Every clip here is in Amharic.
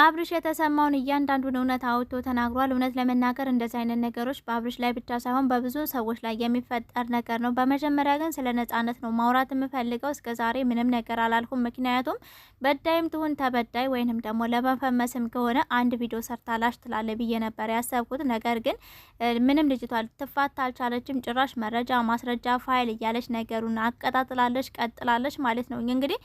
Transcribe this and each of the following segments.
አብርሽ የተሰማውን እያንዳንዱን እውነት አውጥቶ ተናግሯል። እውነት ለመናገር እንደዚህ አይነት ነገሮች በአብርሽ ላይ ብቻ ሳይሆን በብዙ ሰዎች ላይ የሚፈጠር ነገር ነው። በመጀመሪያ ግን ስለ ነጻነት ነው ማውራት የምፈልገው። እስከ ዛሬ ምንም ነገር አላልኩም። ምክንያቱም በዳይም ትሁን ተበዳይ ወይንም ደግሞ ለመፈመስም ከሆነ አንድ ቪዲዮ ሰርታላሽ ትላለ ብዬ ነበር ያሰብኩት። ነገር ግን ምንም ልጅቷ ልትፋታ አልቻለችም። ጭራሽ መረጃ፣ ማስረጃ፣ ፋይል እያለች ነገሩን አቀጣጥላለች፣ ቀጥላለች ማለት ነው። እንግዲህ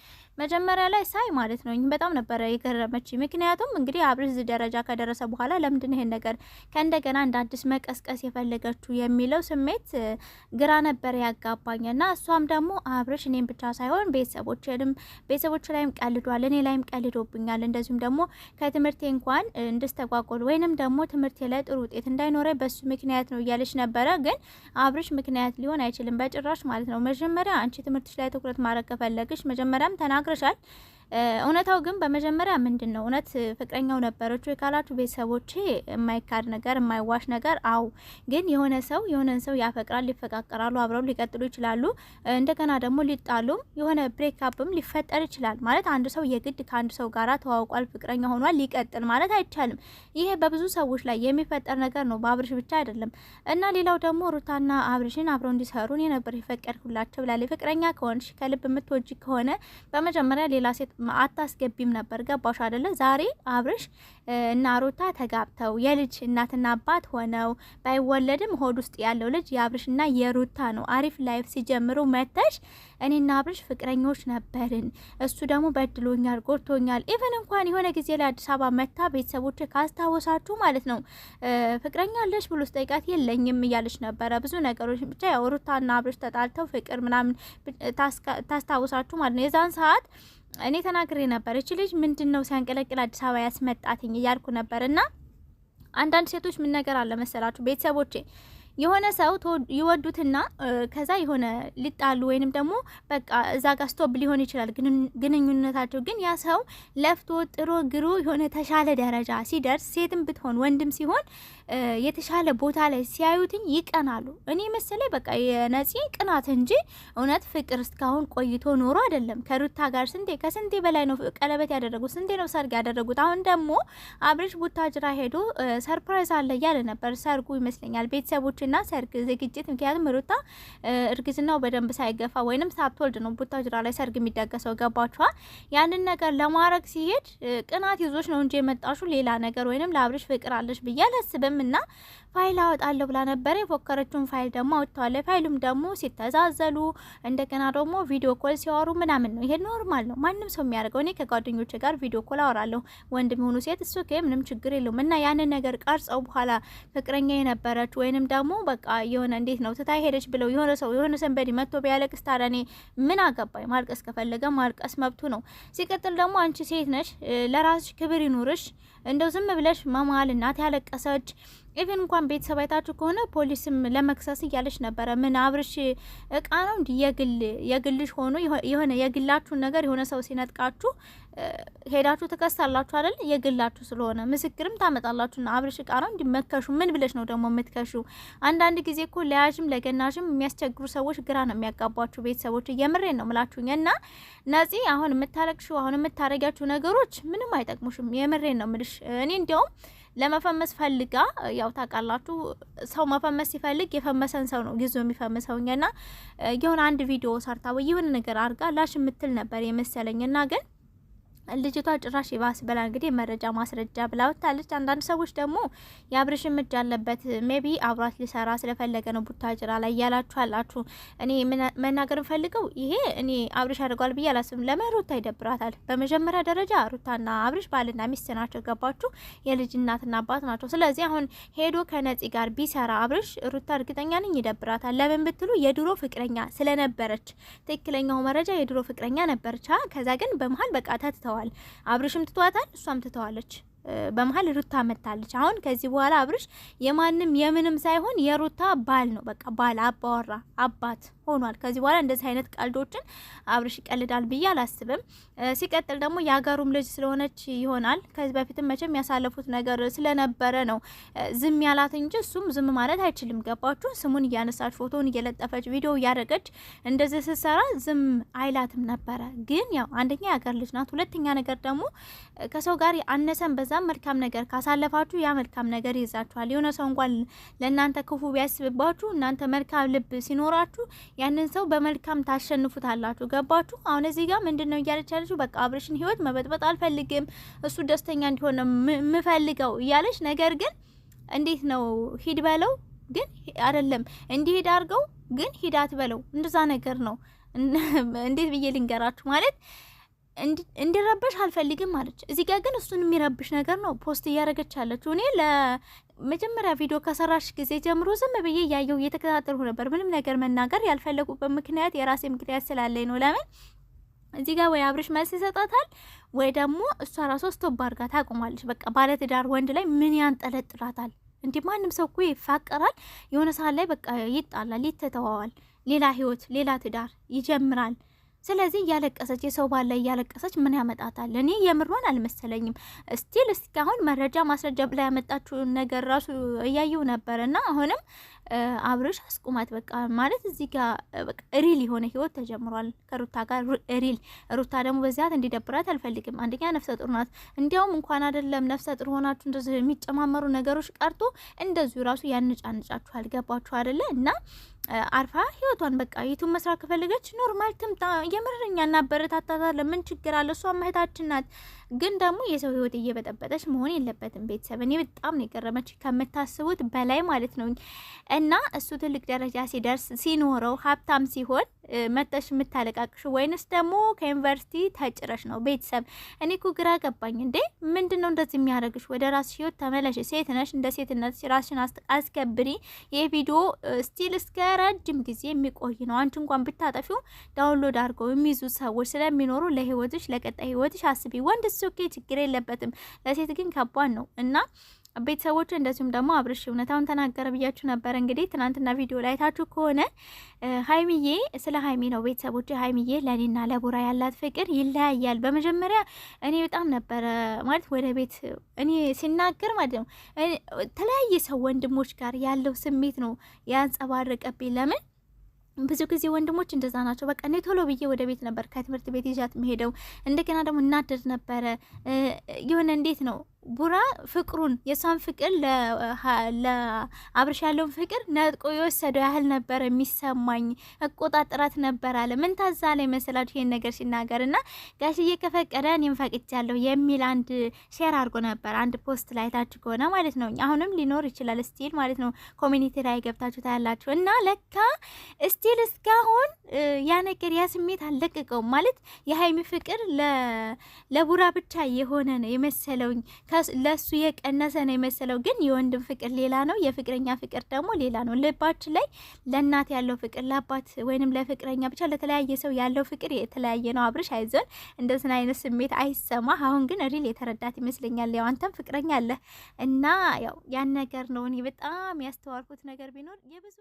መጀመሪያ ላይ ሳይ ማለት ነው በጣም ነበረ የገረመች ምክንያቱ ምክንያቱም እንግዲህ አብርሽ እዚህ ደረጃ ከደረሰ በኋላ ለምንድን ይሄን ነገር ከእንደገና እንደ አዲስ መቀስቀስ የፈለገችው የሚለው ስሜት ግራ ነበር ያጋባኝና እሷም ደግሞ አብርሽ እኔም ብቻ ሳይሆን ቤተሰቦችንም ቤተሰቦች ላይም ቀልዷል፣ እኔ ላይም ቀልዶብኛል፣ እንደዚሁም ደግሞ ከትምህርቴ እንኳን እንድስተጓጎል ወይንም ደግሞ ትምህርቴ ላይ ጥሩ ውጤት እንዳይኖረ በሱ ምክንያት ነው እያለች ነበረ። ግን አብርሽ ምክንያት ሊሆን አይችልም በጭራሽ ማለት ነው። መጀመሪያ አንቺ ትምህርትሽ ላይ ትኩረት ማድረግ ከፈለግሽ መጀመሪያም ተናግረሻል። እውነታው ግን በመጀመሪያ ምንድን ነው እውነት ፍቅረኛው ነበረች ወይ ካላችሁ ቤተሰቦቼ የማይካድ ነገር የማይዋሽ ነገር አው ግን የሆነ ሰው የሆነን ሰው ያፈቅራል፣ ሊፈቃቀራሉ፣ አብረው ሊቀጥሉ ይችላሉ። እንደገና ደግሞ ሊጣሉም የሆነ ብሬክአፕም ሊፈጠር ይችላል። ማለት አንድ ሰው የግድ ከአንድ ሰው ጋር ተዋውቋል፣ ፍቅረኛ ሆኗል፣ ሊቀጥል ማለት አይቻልም። ይሄ በብዙ ሰዎች ላይ የሚፈጠር ነገር ነው፣ በአብርሽ ብቻ አይደለም። እና ሌላው ደግሞ ሩታና አብርሽን አብረው እንዲሰሩ እኔ ነበር የፈቀድኩላቸው ብላለች። ፍቅረኛ ከሆንሽ ከልብ የምትወጂ ከሆነ በመጀመሪያ ሌላ ሴት አታስገቢም ነበር። ገባሽ አደለ? ዛሬ አብርሽ እና ሩታ ተጋብተው የልጅ እናትና አባት ሆነው ባይወለድም ሆድ ውስጥ ያለው ልጅ የአብርሽና የሩታ ነው። አሪፍ ላይፍ ሲጀምሩ መተሽ እኔና አብርሽ ፍቅረኞች ነበርን፣ እሱ ደግሞ በድሎኛል፣ ጎድቶኛል። ኢቨን እንኳን የሆነ ጊዜ ላይ አዲስ አበባ መታ ቤተሰቦች ካስታወሳችሁ ማለት ነው ፍቅረኛ አለሽ ብሎ ስጠይቃት የለኝም እያለች ነበረ። ብዙ ነገሮች ብቻ ያው ሩታና አብርሽ ተጣልተው ፍቅር ምናምን ታስታውሳችሁ ማለት ነው የዛን ሰዓት እኔ ተናግሬ ነበር። እች ልጅ ምንድን ነው ሲያንቀለቅል አዲስ አበባ ያስመጣትኝ እያልኩ ነበር። እና አንዳንድ ሴቶች ምን ነገር አለ መሰላችሁ ቤተሰቦቼ የሆነ ሰው ይወዱትና ከዛ የሆነ ሊጣሉ ወይንም ደግሞ በቃ እዛ ጋር ስቶፕ ሊሆን ይችላል ግንኙነታቸው። ግን ያ ሰው ለፍቶ ጥሮ ግሮ የሆነ ተሻለ ደረጃ ሲደርስ ሴትም ብትሆን ወንድም ሲሆን የተሻለ ቦታ ላይ ሲያዩትኝ ይቀናሉ። እኔ መሰለኝ በቃ የነፂ ቅናት እንጂ እውነት ፍቅር እስካሁን ቆይቶ ኖሮ አይደለም። ከሩታ ጋር ስንቴ ከስንቴ በላይ ነው ቀለበት ያደረጉት፣ ስንቴ ነው ሰርግ ያደረጉት። አሁን ደግሞ አብርሽ ቡታጅራ ሄዶ ሰርፕራይዝ አለ እያለ ነበር። ሰርጉ ይመስለኛል ቤተሰቦች እና ሰርግ ዝግጅት። ምክንያቱም ሩታ እርግዝናው በደንብ ሳይገፋ ወይንም ሳትወልድ ነው ቡታጅራ ላይ ሰርግ የሚደገሰው ገባችኋል። ያንን ነገር ለማድረግ ሲሄድ ቅናት ይዞች ነው እንጂ የመጣሹ ሌላ ነገር ወይንም ለአብርሽ ፍቅር አለሽ ብዬ አላስብም። ና ፋይል አወጣለሁ ብላ ነበረ። የፎከረችውን ፋይል ደግሞ አውጥተዋለ። ፋይሉም ደግሞ ሲተዛዘሉ እንደገና ደግሞ ቪዲዮ ኮል ሲያወሩ ምናምን ነው። ይሄ ኖርማል ነው፣ ማንም ሰው የሚያደርገው። እኔ ከጓደኞች ጋር ቪዲዮ ኮል አወራለሁ፣ ወንድ የሆኑ ሴት እሱ ምንም ችግር የለውም። እና ያንን ነገር ቀርጸው በኋላ ፍቅረኛ የነበረች ወይንም ደግሞ በቃ የሆነ እንዴት ነው ትታይ ሄደች ብለው የሆነ ሰው የሆነ ሰንበዲ መጥቶ ቢያለቅስ ታዲያ እኔ ምን አገባኝ? ማልቀስ ከፈለገ ማልቀስ መብቱ ነው። ሲቀጥል ደግሞ አንቺ ሴት ነሽ፣ ለራስሽ ክብር ይኑርሽ። እንደው ዝም ብለሽ መማል እናት ያለቀሰች ኢቨን እንኳን ቤተሰብ አይታችሁ ከሆነ ፖሊስም ለመክሰስ እያለች ነበረ። ምን አብርሽ እቃ ነው እንዲ የግል የግልሽ ሆኖ የሆነ የግላችሁን ነገር የሆነ ሰው ሲነጥቃችሁ ሄዳችሁ ትከሳላችሁ አይደል? የግላችሁ ስለሆነ ምስክርም ታመጣላችሁና አብርሽ ቃራ እንዲመከሹ ምን ብለሽ ነው ደግሞ የምትከሹ? አንዳንድ ጊዜ እኮ ለያዥም ለገናዥም የሚያስቸግሩ ሰዎች ግራ ነው የሚያጋቧችሁ። ቤተሰቦች የምሬን ነው ምላችሁኝ እና ነጺ፣ አሁን የምታለቅሽው አሁን የምታረጊያችሁ ነገሮች ምንም አይጠቅሙሽም። የምሬን ነው ምልሽ። እኔ እንዲያውም ለመፈመስ ፈልጋ ያው ታውቃላችሁ፣ ሰው መፈመስ ሲፈልግ የፈመሰን ሰው ነው ጊዞ የሚፈምሰውኝ እና የሆነ አንድ ቪዲዮ ሰርታ ወይ የሆነ ነገር አድርጋ ላሽ የምትል ነበር የመሰለኝ እና ግን ልጅቷ ጭራሽ ይባስ ብላ እንግዲህ መረጃ ማስረጃ ብላ ወጥታለች። አንዳንድ ሰዎች ደግሞ የአብርሽ እጅ አለበት ሜቢ አብሯት ሊሰራ ስለፈለገ ነው ጭራ ላይ እያላችሁ አላችሁ። እኔ መናገር ፈልገው ይሄ እኔ አብርሽ አድርጓል ብዬ አላስብም። ለምን ሩታ ይደብራታል? በመጀመሪያ ደረጃ ሩታና አብርሽ ባልና ሚስት ናቸው። ገባችሁ? የልጅ እናትና አባት ናቸው። ስለዚህ አሁን ሄዶ ከነፂ ጋር ቢሰራ አብርሽ ሩታ እርግጠኛ ነኝ ይደብራታል። ለምን ብትሉ የድሮ ፍቅረኛ ስለነበረች ትክክለኛው መረጃ የድሮ ፍቅረኛ ነበረች። ከዛ ግን በመሀል በቃ ተትተዋል። ትተዋል። አብርሽም ትቷታል፣ እሷም ትተዋለች። በመሀል ሩታ መታለች። አሁን ከዚህ በኋላ አብርሽ የማንም የምንም ሳይሆን የሩታ ባል ነው። በቃ ባል፣ አባወራ፣ አባት ሆኗል። ከዚህ በኋላ እንደዚህ አይነት ቀልዶችን አብርሽ ይቀልዳል ብዬ አላስብም። ሲቀጥል ደግሞ የሀገሩም ልጅ ስለሆነች ይሆናል ከዚህ በፊትም መቼም ያሳለፉት ነገር ስለነበረ ነው ዝም ያላት እንጂ እሱም ዝም ማለት አይችልም። ገባችሁ? ስሙን እያነሳች ፎቶውን እየለጠፈች ቪዲዮ እያደረገች እንደዚህ ስትሰራ ዝም አይላትም ነበረ። ግን ያው አንደኛ የሀገር ልጅ ናት፣ ሁለተኛ ነገር ደግሞ ከሰው ጋር አነሰን በዛም መልካም ነገር ካሳለፋችሁ ያ መልካም ነገር ይዛችኋል። የሆነ ሰው እንኳን ለእናንተ ክፉ ቢያስብባችሁ እናንተ መልካም ልብ ሲኖራችሁ ያንን ሰው በመልካም ታሸንፉታላችሁ። ገባችሁ? አሁን እዚህ ጋር ምንድን ነው እያለች ያለችው? በቃ አብርሽን ህይወት መበጥበጥ አልፈልግም፣ እሱ ደስተኛ እንዲሆን የምፈልገው እያለች ነገር ግን እንዴት ነው ሂድ በለው ግን አይደለም እንዲሄድ አድርገው ግን ሂዳት በለው እንደዛ ነገር ነው። እንዴት ብዬ ልንገራችሁ ማለት እንዲረበሽ አልፈልግም አለች። እዚህ ጋር ግን እሱን የሚረብሽ ነገር ነው ፖስት እያደረገች ያለችው። እኔ ለመጀመሪያ ቪዲዮ ከሰራሽ ጊዜ ጀምሮ ዝም ብዬ እያየው እየተከታተልኩ ነበር። ምንም ነገር መናገር ያልፈለጉበት ምክንያት የራሴ ምክንያት ስላለኝ ነው። ለምን እዚህ ጋር ወይ አብርሽ መልስ ይሰጣታል ወይ ደግሞ እሷ ራሷ ስቶብ አድርጋ ታቁማለች። በቃ ባለትዳር ወንድ ላይ ምን ያንጠለጥላታል? እንዲህ ማንም ሰው እኮ ይፋቀራል፣ የሆነ ሰዓት ላይ በቃ ይጣላል፣ ይተተዋዋል፣ ሌላ ህይወት ሌላ ትዳር ይጀምራል። ስለዚህ እያለቀሰች የሰው ባል ላይ እያለቀሰች ምን ያመጣታል? እኔ የምሯን አልመሰለኝም። እስቲል እስካሁን መረጃ ማስረጃ ብላ ያመጣችውን ነገር ራሱ እያየው ነበር እና አሁንም አብረሽ አስቁማት። በቃ ማለት እዚህ ጋር በቃ ሪል የሆነ ህይወት ተጀምሯል ከሩታ ጋር ሪል። ሩታ ደግሞ በዚያት እንዲደብራት አልፈልግም። አንደኛ ነፍሰ ጡር ናት። እንዲያውም እንኳን አይደለም ነፍሰ ጡር ሆናችሁ እንደዚህ የሚጨማመሩ ነገሮች ቀርቶ እንደዚሁ ራሱ ያንጫንጫችኋል። ገባችሁ አይደለ? እና አርፋ ህይወቷን በቃ ዩቱብ መስራት ከፈለገች ኖርማል ትምጣ። የምርኛ እናበረታታታለን። ምን ችግር አለ? እሷ እህታችን ናት። ግን ደግሞ የሰው ህይወት እየበጠበጠች መሆን የለበትም። ቤተሰብ እኔ በጣም ነው የገረመች ከምታስቡት በላይ ማለት ነው። እና እሱ ትልቅ ደረጃ ሲደርስ ሲኖረው ሀብታም ሲሆን መተሽ የምታለቃቅሽ ወይንስ ደግሞ ከዩኒቨርሲቲ ተጭረሽ ነው? ቤተሰብ እኔ እኮ ግራ ገባኝ። እንዴ ምንድን ነው እንደዚህ የሚያደርግሽ? ወደ ራስሽ ህይወት ተመለሽ። ሴት ነሽ፣ እንደ ሴትነት ራስሽን አስከብሪ። ይህ ቪዲዮ ስቲል እስከ ረጅም ጊዜ የሚቆይ ነው። አንቺ እንኳን ብታጠፊው ዳውንሎድ አድርገው የሚይዙ ሰዎች ስለሚኖሩ ለህይወትሽ፣ ለቀጣይ ህይወትሽ አስቢ። ወንድ ኦኬ ችግር የለበትም፣ ለሴት ግን ከባድ ነው እና ቤተሰቦቹ እንደዚሁም ደግሞ አብርሽ እውነታውን ተናገረ ብያችሁ ነበር። እንግዲህ ትናንትና ቪዲዮ ላይ ታችሁ ከሆነ ሀይሚዬ ስለ ሀይሚ ነው። ቤተሰቦች ሀይሚዬ ለእኔና ለቡራ ያላት ፍቅር ይለያያል። በመጀመሪያ እኔ በጣም ነበረ ማለት ወደ ቤት እኔ ሲናገር ማለት ነው ተለያየ ሰው ወንድሞች ጋር ያለው ስሜት ነው ያንጸባረቀብኝ። ለምን ብዙ ጊዜ ወንድሞች እንደዛ ናቸው። በቃ እኔ ቶሎ ብዬ ወደ ቤት ነበር ከትምህርት ቤት ይዣት መሄደው። እንደገና ደግሞ እናደድ ነበረ የሆነ እንዴት ነው ቡራ ፍቅሩን የእሷን ፍቅር ለአብርሻ ያለውን ፍቅር ነጥቆ የወሰደው ያህል ነበር የሚሰማኝ። እቆጣጠራት ነበር አለ። ምን ታዛ ላይ መሰላችሁ ይሄን ነገር ሲናገር እና ጋሽዬ ከፈቀደ እኔም ፈቅጃለሁ የሚል አንድ ሼር አድርጎ ነበር፣ አንድ ፖስት ላይ ታችሁ ከሆነ ማለት ነው። አሁንም ሊኖር ይችላል ስቲል ማለት ነው። ኮሚኒቲ ላይ ገብታችሁ ታያላችሁ። እና ለካ ስቲል እስካሁን ያ ነገር ያ ስሜት አልለቀቀውም ማለት የሀይሚ ፍቅር ለቡራ ብቻ የሆነ ነው የመሰለውኝ ከ ለሱ የቀነሰ ነው የመሰለው፣ ግን የወንድም ፍቅር ሌላ ነው፣ የፍቅረኛ ፍቅር ደግሞ ሌላ ነው። ልባችን ላይ ለእናት ያለው ፍቅር፣ ለአባት ወይንም ለፍቅረኛ ብቻ ለተለያየ ሰው ያለው ፍቅር የተለያየ ነው። አብርሽ አይዞን፣ እንደዚህ አይነት ስሜት አይሰማ። አሁን ግን ሪል የተረዳት ይመስለኛል። ያው አንተም ፍቅረኛ አለ እና ያው ያን ነገር ነው እኔ በጣም ያስተዋልኩት ነገር ቢኖር የብዙ